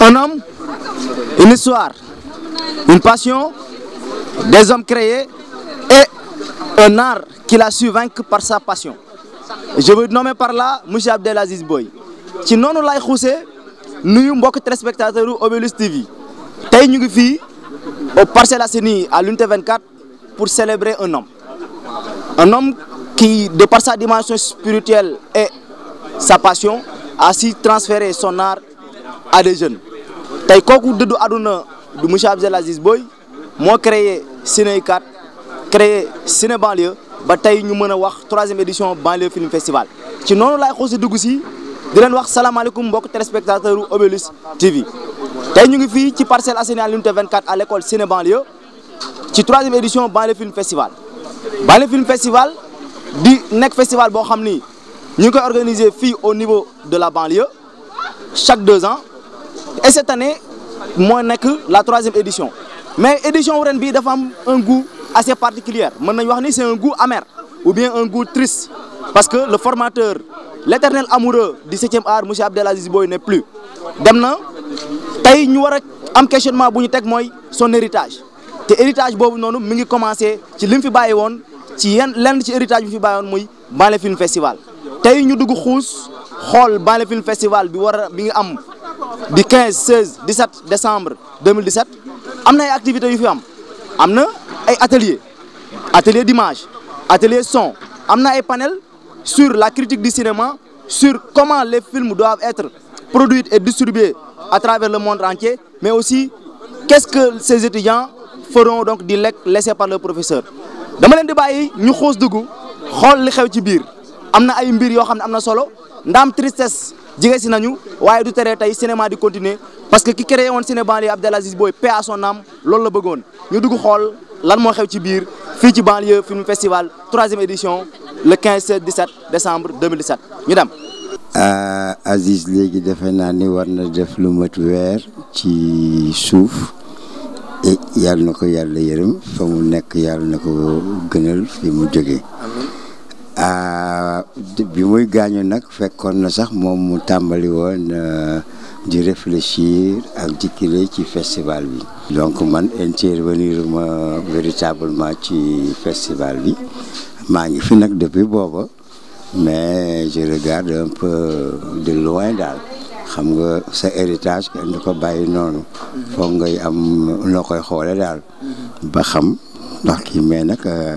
un homme, une histoire, une passion, des hommes créés et un art qu'il a su vaincre par sa passion. Je veux nommer par là M. Abdelaziz Boy ci nous nous nous beaucoup de spectateurs u Obelus TV ñu ngi au la à l'unité 24 pour célébrer un homme un homme qui de par sa dimension spirituelle et sa passion a su transférer son art à des jeunes Tay kooku dëddu aduna du monsieur Abdelaziz Boy, mo créé Ciné 4 créé Ciné banlieue ba tay ñu mëna wax 3 troisième édition banlieue film festival ci noonu lay xoosi dugg si di len wax salaamaaleykum mbokk téléspectateur Obelus TV Tay ñu ngi fi ci parcelle Assainies à 24 à l'école Ciné banlieue ci troisième édition banlieue film festival banlieue film festival di nek festival bo xamni ñu organiser fi au niveau de la banlieue chaque deux ans et cette année moo que la troisième édition mais l'édition ren bii un goût assez particulier mën nañ wax ni c'est un goût amer ou bien un goût triste parce que le formateur l'éternel amoureux du 7 7e art M. Abdelaziz Boy, n'est plus Et na nous ñu un am questionnement bu ñu son héritage te héritage boobu noonu mi ngi commencé ci li mu fi bàyyi woon ci yenn lenn ci héritage bi mu fi bàyyi woon muy Banlieue Film Festival tey ñu dugg xuus xool Banlieue Film Festival bi war a bi am du 15 16 17 décembre 2017 y a des activités yu fi am des ateliers ateliers atelier atelier d'image atelier son y a des panels sur la critique du cinéma sur comment les films doivent être produits et distribués à travers le monde entier mais aussi qu'est-ce que ces étudiants feront donc du laissé par le professeur dama vous di ñu choses li xew ci bir tristesse jege si nañu waaye du tere tey cinéma di continuer parce que ki créé woon ciné banlieue Abdelaziz Boye paix à son am loolu la bëggoon ñu dugg xool lan moo xew ci biir fii ci banlieue film festival troisième édition le 15 16 17 décembre 2017 ñu dem. Ah, Aziz léegi defe naa ni war na def lu mat weer ci suuf yàlla na ko yàlla yërëm fa mu nekk yàlla na ko gënal fi mu jógee. Euh, bi muy gaañu nag fekkoon na sax moom mu tàmbali woon euh, di réfléchir ak dikkile ci festival bi donc man intervenir ma véritablement ci festival bi maa ngi fi nag depuis booba mais je regarde un peu de loin daal xam nga sa héritage kenn du ko bàyyi noonu foog ngay am noo koy xoole daal ba xam ndax kii mais nag euh,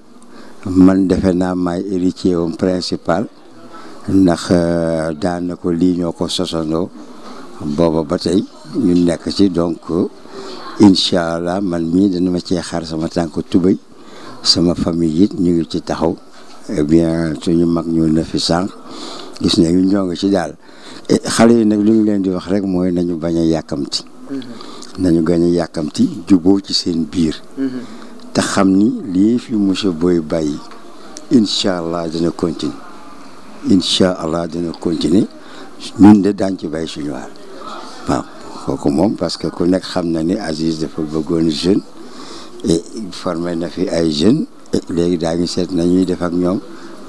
man defe naa maay héritier am principal ndax euh, daan na ko lii ñoo ko sosandoo booba ba tey ñu nekk ci donc incha allah man mii dana ma cee xar sama tànk tubéy sama famille it ñu ngi ci taxaw eh bien ñu mag ñu na fi sànq gis ne ñu ñoo ci daal eh, xale yi nag lu ñu leen di wax rek mooy nañu bañ a yàkkamti mm-hmm. nañu gën a yàkkamti juboo ci seen biir mm-hmm. te xamni li fi monsieur Boye bàyyi incha allah dina continuer incha dina continuer ñun de daañu ci bay suñu waar waaw kooku moom parce que ku nekk xam ni Aziz dafa bëggoon jeune et formé na fi ay jeunes et léegi daañu seet nañuy def ak ñom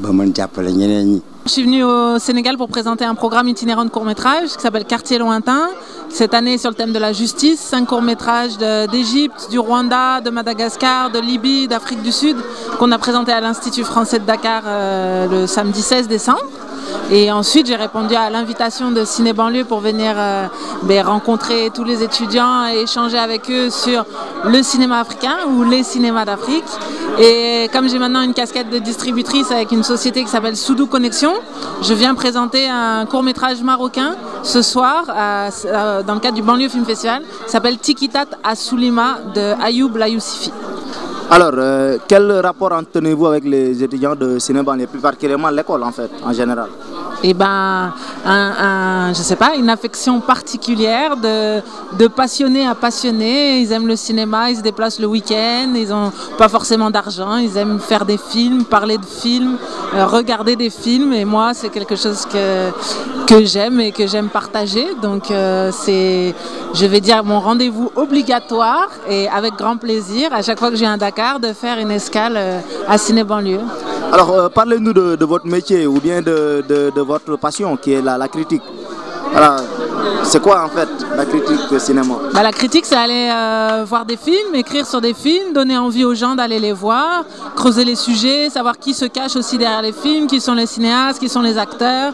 ba mën jappalé ñeneen ñi. Je suis venu au Sénégal pour présenter un programme itinérant de court métrage qui s'appelle Quartier Lointain. Cette année, sur le thème de la justice, cinq courts-métrages d'Égypte, du Rwanda, de Madagascar, de Libye, d'Afrique du Sud, qu'on a présenté à l'Institut français de Dakar euh, le samedi 16 décembre. Et ensuite, j'ai répondu à l'invitation de Ciné Banlieue pour venir euh, ben, rencontrer tous les étudiants et échanger avec eux sur le cinéma africain ou les cinémas d'Afrique. Et comme j'ai maintenant une casquette de distributrice avec une société qui s'appelle Soudou Connexion, je viens présenter un court métrage marocain ce soir euh, dans le cadre du Banlieue Film Festival. s'appelle Tikitat à Soulima de Ayoub Layoussifi. Alors, euh, quel rapport en vous avec les étudiants de cinéma, et plus particulièrement l'école en fait, en général eh ben, un, ne je sais pas, une affection particulière de, de passionné à passionné. Ils aiment le cinéma, ils se déplacent le week-end, ils n'ont pas forcément d'argent, ils aiment faire des films, parler de films, euh, regarder des films. Et moi, c'est quelque chose que, que j'aime et que j'aime partager. Donc, euh, c'est, je vais dire, mon rendez-vous obligatoire et avec grand plaisir, à chaque fois que j'ai un Dakar, de faire une escale euh, à Ciné-Banlieue. Alors, euh, parlez-nous de, votre métier ou bien de, votre passion qui est la, critique c'est quoi en fait la critique de cinéma bah, La critique, c'est aller euh, voir des films, écrire sur des films, donner envie aux gens d'aller les voir, creuser les sujets, savoir qui se cache aussi derrière les films, qui sont les cinéastes, qui sont les acteurs,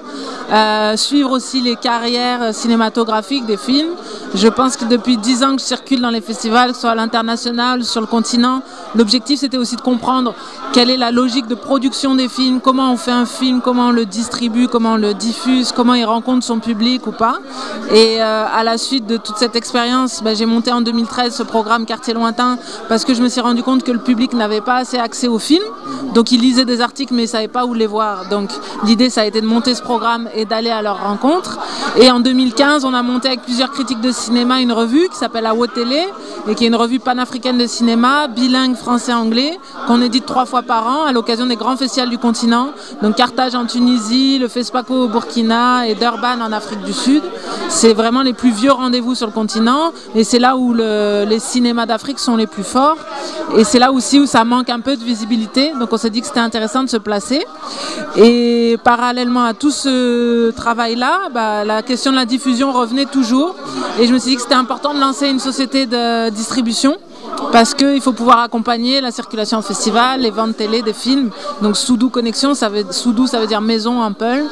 euh, suivre aussi les carrières cinématographiques des films. Je pense que depuis 10 ans que je circule dans les festivals, que ce soit à l'international, sur le continent, l'objectif c'était aussi de comprendre quelle est la logique de production des films, comment on fait un film, comment on le distribue, comment on le diffuse, comment il rencontre son public ou pas. Et euh, à la suite de toute cette expérience, bah, j'ai monté en 2013 ce programme Quartier Lointain parce que je me suis rendu compte que le public n'avait pas assez accès aux films. Donc ils lisaient des articles mais ils ne savaient pas où les voir. Donc l'idée, ça a été de monter ce programme et d'aller à leur rencontre. Et en 2015, on a monté avec plusieurs critiques de cinéma une revue qui s'appelle Awo Télé et qui est une revue panafricaine de cinéma, bilingue français-anglais, qu'on édite trois fois par an à l'occasion des grands festivals du continent. Donc Carthage en Tunisie, le FESPACO au Burkina et Durban en Afrique du Sud. C'est vraiment les plus vieux rendez-vous sur le continent et c'est là où les cinémas d'Afrique sont les plus forts et c'est là aussi où ça manque un peu de visibilité. Donc on s'est dit que c'était intéressant de se placer. Et parallèlement à tout ce travail-là, bah, la question de la diffusion revenait toujours et je me suis dit que c'était important de lancer une société de distribution parce qu'il faut pouvoir accompagner la circulation au festival, les ventes télé, des films. Donc Soudou Connexion, ça veut, Soudou ça veut dire maison un peu.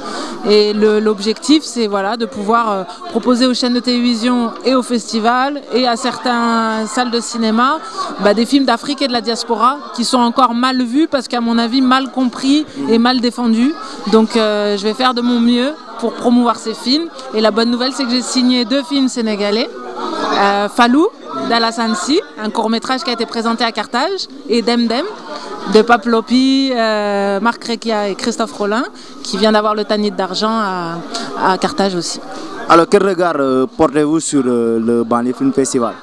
Et l'objectif c'est voilà, de pouvoir euh, proposer aux chaînes de télévision et au festival et à certaines salles de cinéma bah, des films d'Afrique et de la diaspora qui sont encore mal vus parce qu'à mon avis mal compris et mal défendus. Donc euh, je vais faire de mon mieux pour promouvoir ces films. Et la bonne nouvelle c'est que j'ai signé deux films sénégalais. Euh, Falou, si un court-métrage qui a été présenté à Carthage, et Demdem, de Paplopi, euh, Marc Requia et Christophe Rollin, qui vient d'avoir le tanit d'argent à, Carthage aussi. Alors, quel regard euh, portez-vous sur euh, le Banlieue Film Festival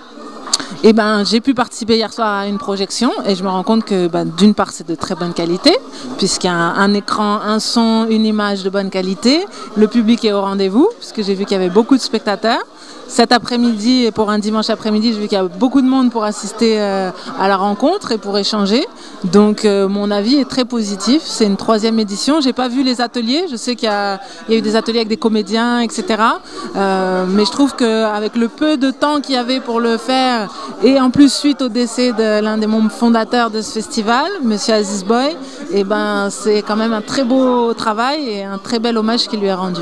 eh ben, j'ai pu participer hier soir à une projection et je me rends compte que bah, d'une part c'est de très bonne qualité puisqu'il y a un, écran, un son, une image de bonne qualité. Le public est au rendez-vous puisque j'ai vu qu'il y avait beaucoup de spectateurs cet après-midi et pour un dimanche après-midi, je vu qu'il y a beaucoup de monde pour assister euh, à la rencontre et pour échanger. Donc euh, mon avis est très positif. C'est une troisième édition. J'ai pas vu les ateliers. Je sais qu'il y, a eu des ateliers avec des comédiens, etc. Euh, mais je trouve qu'avec le peu de temps qu'il y avait pour le faire et en plus suite au décès de l'un des membres fondateurs de ce festival, Monsieur Aziz Boy, et eh ben c'est quand même un très beau travail et un très bel hommage qui lui est rendu.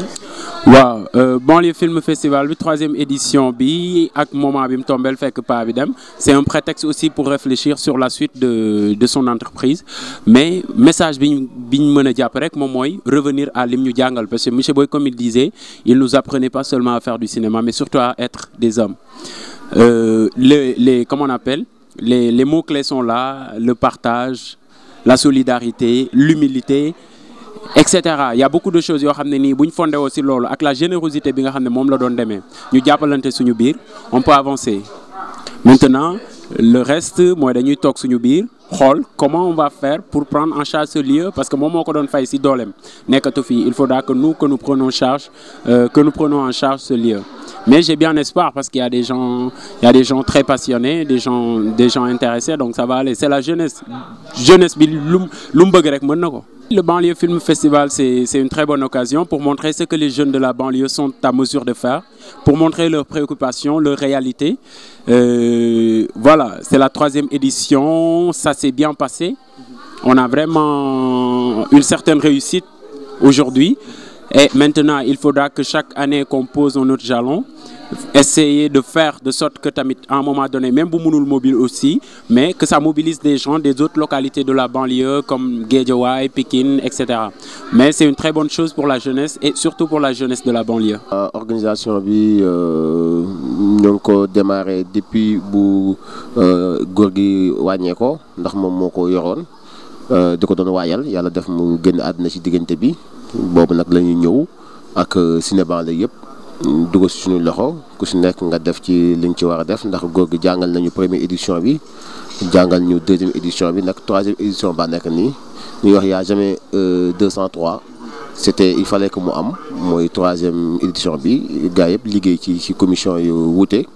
Waouh, bon les films festival, le troisième édition bi ak moment bi bi c'est un prétexte aussi pour réfléchir sur la suite de de son entreprise mais message bi biñ meuna japp rek revenir à lim ñu parce que monsieur Boy comme il disait il nous apprenait pas seulement à faire du cinéma mais surtout à être des hommes euh, les les comment on appelle les les mots clés sont là le partage la solidarité l'humilité et il y a beaucoup de choses yoo xam ne nii bu ñu fondé la générosité bi nga xam ne moom la doon demee ñu on peut avancer maintenant le reste moi dañuy toog suñu biir comment on va faire pour prendre en charge ce lieu parce que moom moo ko doon fay si il faudra que nous que nous prenons charge euh, que nous prenons en charge ce lieu mais j'ai bien espoir parce qu'il y a des gens il y a des gens très passionnés des gens des gens intéressés donc ça va aller c'est la jeunesse jeunesse bi lum lum bëgg rek le Banlieue Film Festival, c'est une très bonne occasion pour montrer ce que les jeunes de la banlieue sont à mesure de faire, pour montrer leurs préoccupations, leurs réalités. Euh, voilà, c'est la troisième édition, ça s'est bien passé. On a vraiment une certaine réussite aujourd'hui. Et maintenant, il faudra que chaque année qu'on pose un autre jalon, essayer de faire de sorte que à un moment donné, même le Mobile aussi, mais que ça mobilise des gens des autres localités de la banlieue comme Guédiawaye, Pékin, etc. Mais c'est une très bonne chose pour la jeunesse et surtout pour la jeunesse de la banlieue. L'organisation euh, a euh, démarré depuis que euh, De Wanyeko, nous avons démarré depuis des Wanyeko, nous avons démarré depuis bobu nak la ñëw ak euh, cinéban lay yëpp mm, dugal si suñu loxo ku ci nek nga def ci liñ ci wara def ndax gog gi jàngal nañu première édition bi jangal ñu deuxième édition bi nak troisième édition ba nek ni ñuy wax ya jamais 203 euh, c'était il fallait que mu am moy troisième édition bi gaay yëpp liggéey ci ci commission yu wuté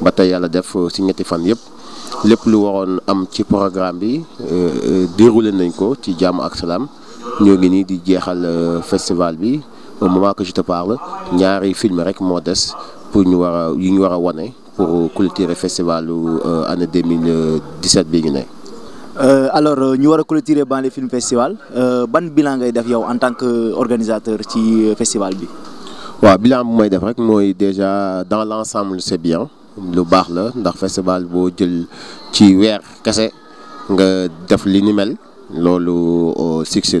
ba tay yalla def euh, si ñetti fan yëpp lépp lu waroon am ci programme bi déroulé nañ ko ci jàmm ak salaam nous di jeexal euh, festival bi au moment que je te parle ñaari film rek moo des pour ñu war ñu war a pour clôturer festivalu euh, année 2017 bi euh, alors ñu avons cultiver le Film Festival ban bilan ngay def yow en tant que organisateur ci festival bi. waaw bilan bu may def rek déjà dans l'ensemble c'est bien lu baax la ndax festival boo jël ci weer kese nga def li ni mel succès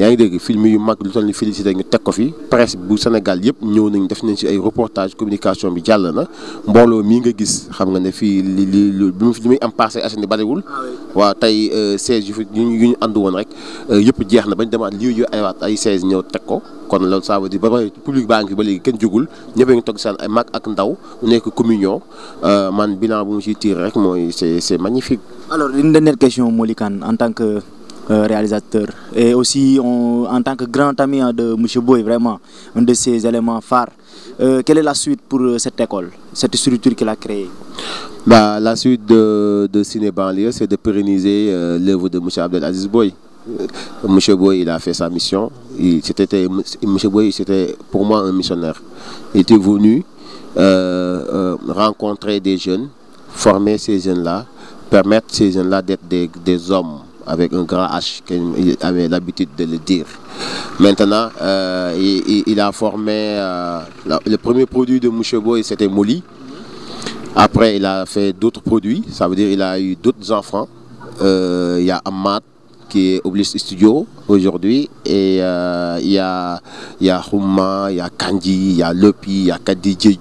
yaa ngi dégg film yu mag lu toll ni félicité ñu tek ko fi presse bu Sénégal yépp ñëw nañ def nañ ci ay reportage communication bi jàll na mbooloo mii nga gis xam nga né fi li li mu muy am passé assaini bari wul wa tay 16 yu ñu andu won rek euh, yépp jeex na bañ demaat li yu ay aywaat ay 16 ñëw tek ko kon loolu ça veut dire ba public bank ba légui kenn jugul ñëpp a ngi toog seen ay mag ak ndaw mu nekk communion euh, man bilan bu mu ci tiir rek moy c'est c'est magnifique. alors une dernière question molikan en tant que. Euh, réalisateur. Et aussi, en tant que grand ami hein, de M. Boy, vraiment, un de ses éléments phares, euh, quelle est la suite pour euh, cette école, cette structure qu'il a créée bah, La suite de, de c'est de pérenniser l'œuvre de M. Abdelaziz Boy. M. Boy, il a fait sa mission. c'était, M. Boy, c'était pour moi un missionnaire. Il était venu rencontrer des jeunes, former ces jeunes-là, permettre ces jeunes-là d'être des, des hommes avec un grand H, qu'il avait l'habitude de le dire. Maintenant, euh, il, a formé, euh, le premier produit de et c'était Moli. Après, il a fait d'autres produits, ça veut dire qu'il a eu d'autres enfants. Euh, il y a Amat qui est Studio aujourd'hui. Et euh, il ya y a il y a il y a Kandi, il y a Lepi, il y a Kadi Tu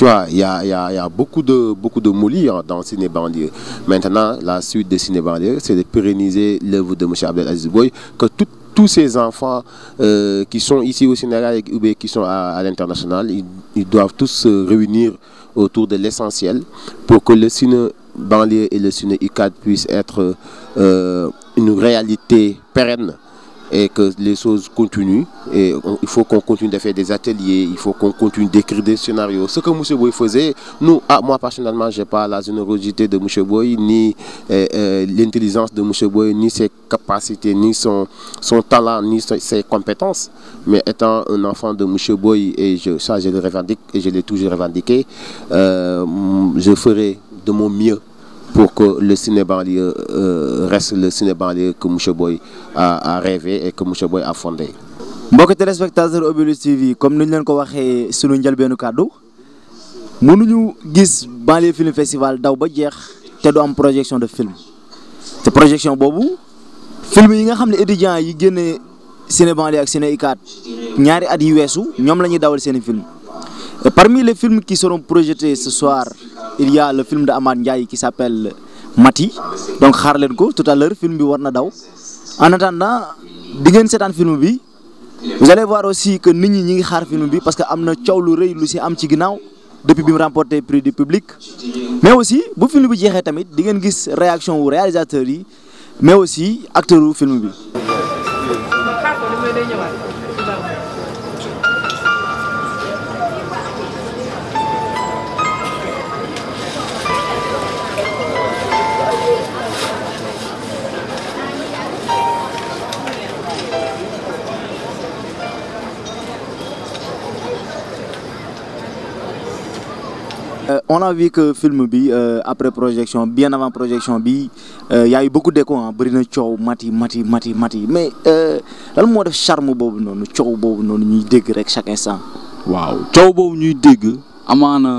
vois, il y a, y a, beaucoup de beaucoup de moulures dans Ciné Banlieue. Maintenant, la suite de Ciné c'est de pérenniser l'œuvre de M. Abdelaziz Boy, que tous ces enfants euh, qui sont ici au Sénégal et qui sont à, l'international, ils, ils, doivent tous se réunir autour de l'essentiel pour que le cinéma banlieue et le SUNE UCAD puissent être euh, une réalité pérenne et que les choses continuent. Et il faut qu'on continue de faire des ateliers, il faut qu'on continue d'écrire des scénarios. Ce que M. Boy faisait, nous, ah, moi personnellement, je n'ai pas la générosité de M. Boy, ni euh, euh, l'intelligence de M. Boy, ni ses capacités, ni son, son talent, ni ses compétences. Mais étant un enfant de M. Boy, et ça je le revendique, et je l'ai toujours revendiqué, je ferai de mon mieux pour que le cinéma euh, reste le cinéma que Mouche Boy a, a, rêvé et que Mouche Boy a fondé. téléspectateurs téléspectateur Obulus TV comme nous ñu leen ko waxee sunu nous avons vu le banlieue film festival daw ba jeex te du une projection de film te projection boobu film yi nga xam étudiants yi génne ciné banlieue ak ciné le ñaari at yi weesu ñoom la dawal seen film Parmi les films qui seront projetés ce soir, il y a le film d'Aman Ndiaye qui s'appelle Mati. Donc, Harlenko, tout à l'heure, film de Warna En attendant, film. Vous allez voir aussi que nous avons un film parce que nous avons un film qui depuis que remporté le prix du public. Mais aussi, si le film est vous avez une réaction aux réalisateurs, mais aussi acteurs du film. Euh, on a vu que film bi euh, après projection bien avant projection bi euh, y a eu beaucoup d'écho ah hein. bëri na mati mati mati mati mais lan moo def charme boobu non, coow boobu non, ni dégg rek chaque instant. Wow. coow boobu ni dégg Amana.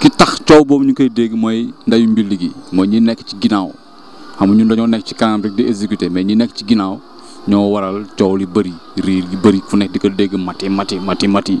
ki tax coow boobu ni koy dégg mooy ndeyu mbir gi mooy ni nekk ci ginnaaw xam ñun dañoo nekk ci rek exécuter mais ni nekk ci ginnaaw waral coow li bëri ri, gi bëri fu di ko mati mati mati mati.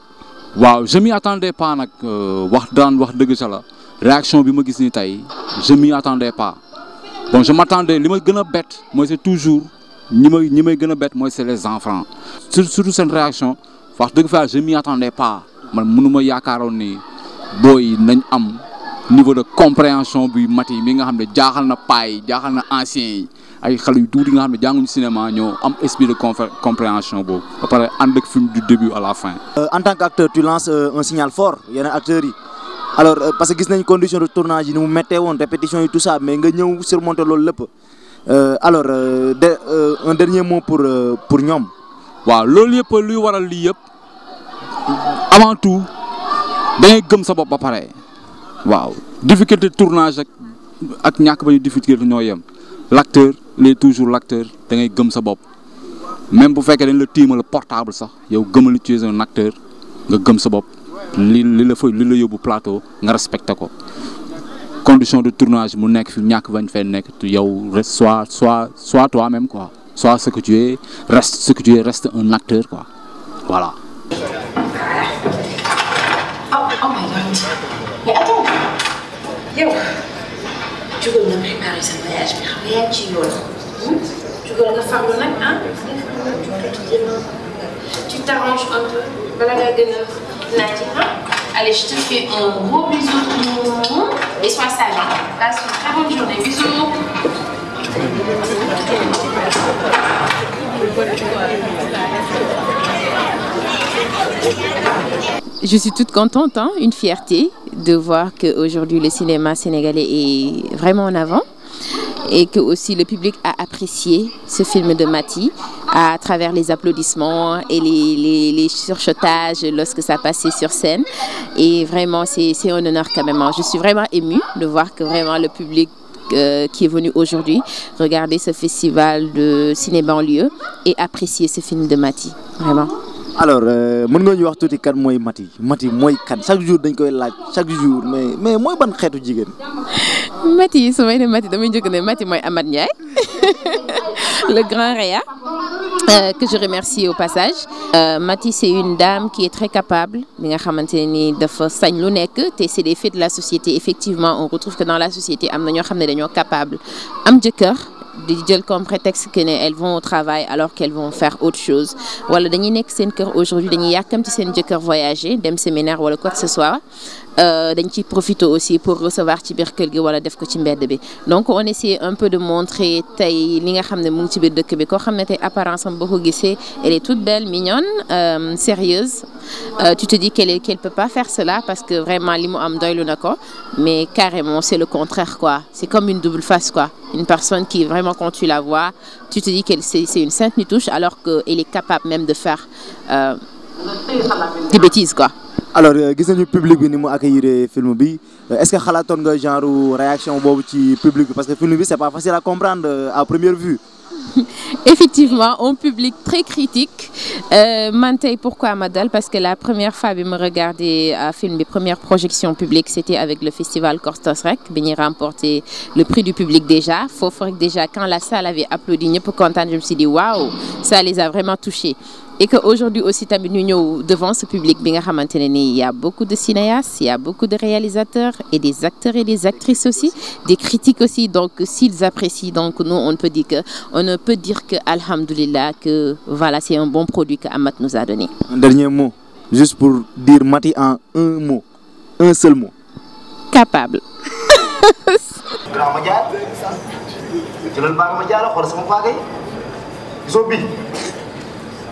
waaw je m'y attendais pas nag euh, wax daan wax dëgg sa la réaction bi ma gis ni tey je m'y attendais pas bon je m'attendais li ma gën a bett mooy c'est toujours ñi may ñi may gën a bett mooy c'est les enfants surtout seen réaction wax dëgg fa je m'y attendais pas man mënu ma yaakaaroon ni booy nañ am niveau de compréhension bi mat yi mi nga xam ne jaaxal na paa yi jaaxal na anciens yi ay xalé yu tuuti nga xamné ne le cinéma ñoo am esprit de compréhension boobu ba pare ak film du début à la fin. Euh, en tant qu'acteur tu lances euh, un signal fort yeneen acteur yi alors euh, parce que gis nañ condition de tournage yi ni mu méttee won répétition yi tout ça mais nga ñëw surmonter loolu euh, alors un dernier mot pour pour ñom waaw loolu yëpp luy waral li yëpp avant tout da ngay gëm sa bop ba paré waaw difficulté tournage ak ak ñak bañu difficulté ñoo L'acteur il est toujours l'acteur, tu da ngay gëm sa même pour faire dañ la le portable sax yow tu es un acteur nga gëm sa li li la plateau nga respecte ko condition de tournage mu nek fi ñak bañ yow reste soit soit toi même quoi soit ce que tu es reste ce que tu es reste un acteur quoi voilà. Oh, oh my God. Mais attends. Yo jugal me préparer sa voyage bien Tu que tu faire. Tu veux en faire un hein. tu t'arranges un peu Voilà, la y a allez je te fais un gros bisou et sois sage passe une très bonne journée bisous. Je suis toute contente, hein, une fierté de voir qu'aujourd'hui le cinéma sénégalais est vraiment en avant et que aussi le public a apprécié ce film de Mati à travers les applaudissements et les, les, surchotages lorsque ça passait sur scène. Et vraiment, c'est un honneur quand même. Hein. Je suis vraiment émue de voir que vraiment le public euh, qui est venu aujourd'hui regarder ce festival de cinéma en lieu et apprécier ce film de Mati. Vraiment alors euh, mën nga ñu wax tuuti kan mooy Mati, Maty mooy kan chaque jour dañ koy laaj chaque jour mais mais mooy ban xeetu jigéen. Maty su may Mati, Maty damay njëkk que Maty mooy Amad Ndiaye le grand Réa euh, que je remercie au passage. Euh, Maty c'est une dame qui est très capable bi nga c'est ne nii dafa sañ lu nekk c'est des faits de la société effectivement on retrouve que dans la société am na ñoo xam dañoo capable am comme prétexte qu'elles vont au travail alors qu'elles vont faire autre chose wala dañuy y sen kër aujourd'hui dañuy ci sen jëkkër voyager dem séminaire wala quoi que ce soit euh, dañ aussi profité aussi pour recevoir ci donc on essaie un peu de montrer Taï li nga xam de Québec. apparence elle est toute belle mignonne euh, sérieuse euh, tu te dis qu'elle ne peut pas faire cela parce que vraiment li am mais carrément c'est le contraire quoi c'est comme une double face quoi une personne qui vraiment quand tu la vois tu te dis qu'elle c'est une sainte touche alors que elle est capable même de faire des bêtises quoi alors que euh, le public qui a accueilli accueillir film euh, est-ce que vous nga genre réaction du public parce que film ce c'est pas facile à comprendre euh, à première vue. Effectivement, un public très critique. Euh, pourquoi Madal Parce que la première fois que me à un film, mes premières projections publiques, c'était avec le festival Rec, Béni remporté le prix du public déjà. Faut que déjà, quand la salle avait applaudi, je me suis dit, waouh, ça les a vraiment touchés et qu'aujourd'hui aussi devant ce public il y a beaucoup de cinéastes il y a beaucoup de réalisateurs et des acteurs et des actrices aussi des critiques aussi donc s'ils apprécient donc nous on peut dire que on ne peut dire que alhamdulillah, que voilà c'est un bon produit que nous a donné. un dernier mot juste pour dire Mati en un mot un seul mot. capable.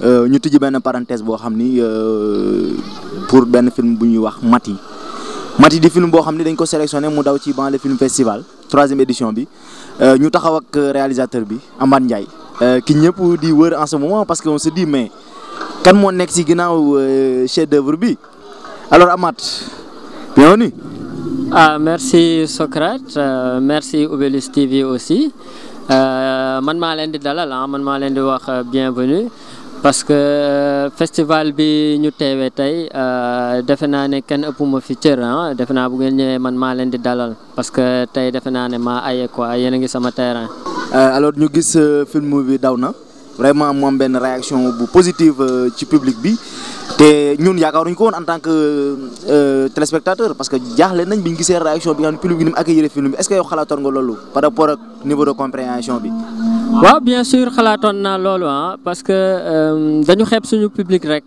Euh, ñu tijji benn parenthèse boo xam ni euh, pour benn film bu ñuy wax mat Mati Mati di film boo xam ni dañ ko sélectionné mu daw ci Banlieue Film Festival troisième édition bi euh, ñu taxaw ak réalisateur bi Amath Ndiaye ki ñëpp di wër en ce parce que on se dit mais kan moo nekk ci ginnaaw chef d'œuvre bi alors Amath bienvenue ah merci Socrate euh, merci Obelus TV aussi man maa leen di dalal ah, man maa leen di wax bienvenue parce que euh, festival bi ñu teewee tey euh, defe naa ne kenn ëppuma fi cër ah. defe naa bu ngeen ñëwee man maa leen di dalal parce que tey defe naa ne maa aye quoi yéen a ngi sama terrain. Euh, alors ñu gis film bi daw na vraiment mu am benn réaction bu positive ci public bi te ñun yaakaaruñu ko woon en tant que téléspectateur parce que jaaxle nañ bi ñu gisee réaction bi nga xam ne public bi ni mu accueillir film bi est-ce que yow xalaatoon nga loolu par rapport ak niveau de compréhension bi. waaw bien sûr xalaatoon naa loolu ah parce que euh, dañu xeeb suñu public rek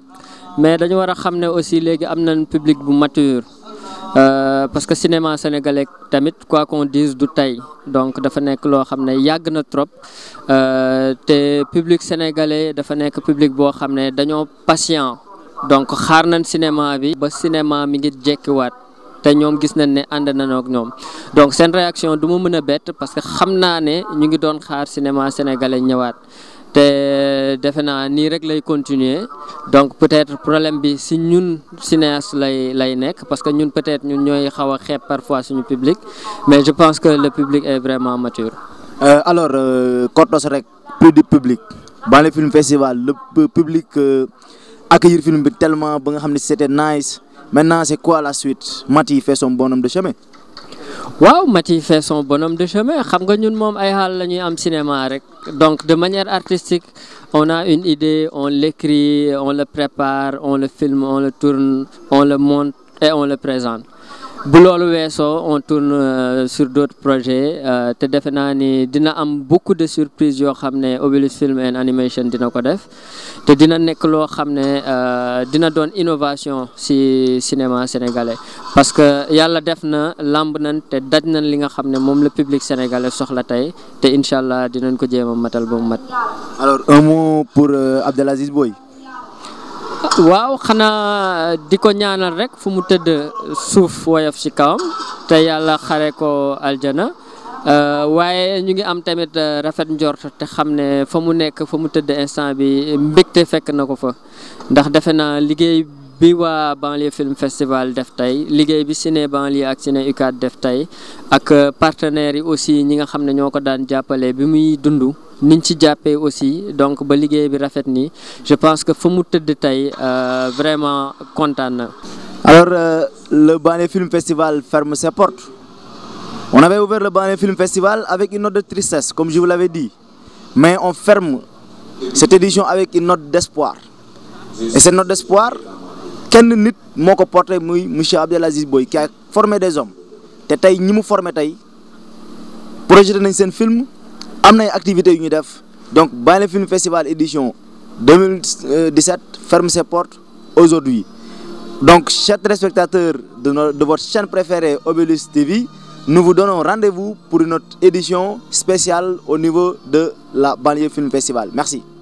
mais dañu war a xam aussi léegi am nañ public bu mature euh, parce que cinéma sénégalais tamit quoi qu'on dise du tey donc dafa nekk loo xam ne yàgg na trop euh, te public sénégalais dafa nekk public boo xam ne dañoo patient donc xaar nañ cinéma bi ba cinéma mi ngi jekkiwaat. té ñom gis nañ né and nañoo ak ñom donc sen réaction du mu mën a parce que xamna né ñu ngi doon xaar cinéma sénégalais ñëwaat té defe naa nii rek lay continuer donc peut-être problème bi si ñun cinéaste lay lay nekk parce que ñun peut-être ñun ñoy xawa xép parfois suñu public mais je pense que le public est vraiment mature. Euh, alors euh, Kordos rek plus du public dans les films festival le public euh, accueillir film bi tellement ba nga xamni c'était nice. Maintenant, c'est quoi la suite Mati fait son bonhomme de chemin. Wow, Mati fait son bonhomme de chemin cinéma donc de manière artistique on a une idée on l'écrit on le prépare on le filme on le tourne on le monte et on le présente bu loolu weesoo on tourne euh, sur d'autres projets euh, te defe ni dina am beaucoup de surprises yoo xam ne Film and Animation dina ko def te dina nekk loo xam ne euh, dina doon innovation ci cinéma sénégalais parce que yàlla defna na làmb nañ te daj nañ li nga xam le public sénégalais soxla tey te incha allah dinañ ko jéem a matal ba mu mat. alors un mot pour Abdelaziz Boy. waaw xanaa euh, di ko ñaanal rek fu mu tëdd suuf woyof ci kawam te yàlla xare ko aljana euh, waaye ñu ngi am tamit euh, rafet njort te xam ne fa mu nekk fa mu tëdd instant bi mbégte fekk na ko fa ndax defe naa liggéey bi waa banlieue film festival def tey liggéey bi ciné banlieue ak ciné UCAD def tey ak partenaires yi aussi ñi nga xam ne ñoo ko daan jàppale bi muy dund niñ ci aussi donc ba Birafetni bi je pense que fa de Taï, vraiment content alors euh, le Bané Film Festival ferme ses portes on avait ouvert le Bané Film Festival avec une note de tristesse comme je vous l'avais dit mais on ferme cette édition avec une note d'espoir et cette note d'espoir kenn nit nous porter porté muy Abdelaziz boy qui a formé des hommes te tay ñimu formé tay projeté nañ sen film amnay activité donc Banlieue Film Festival édition 2017 ferme ses portes aujourd'hui donc chers spectateurs de de votre chaîne préférée Obelus TV nous vous donnons rendez-vous pour une autre édition spéciale au niveau de la banlieue film festival merci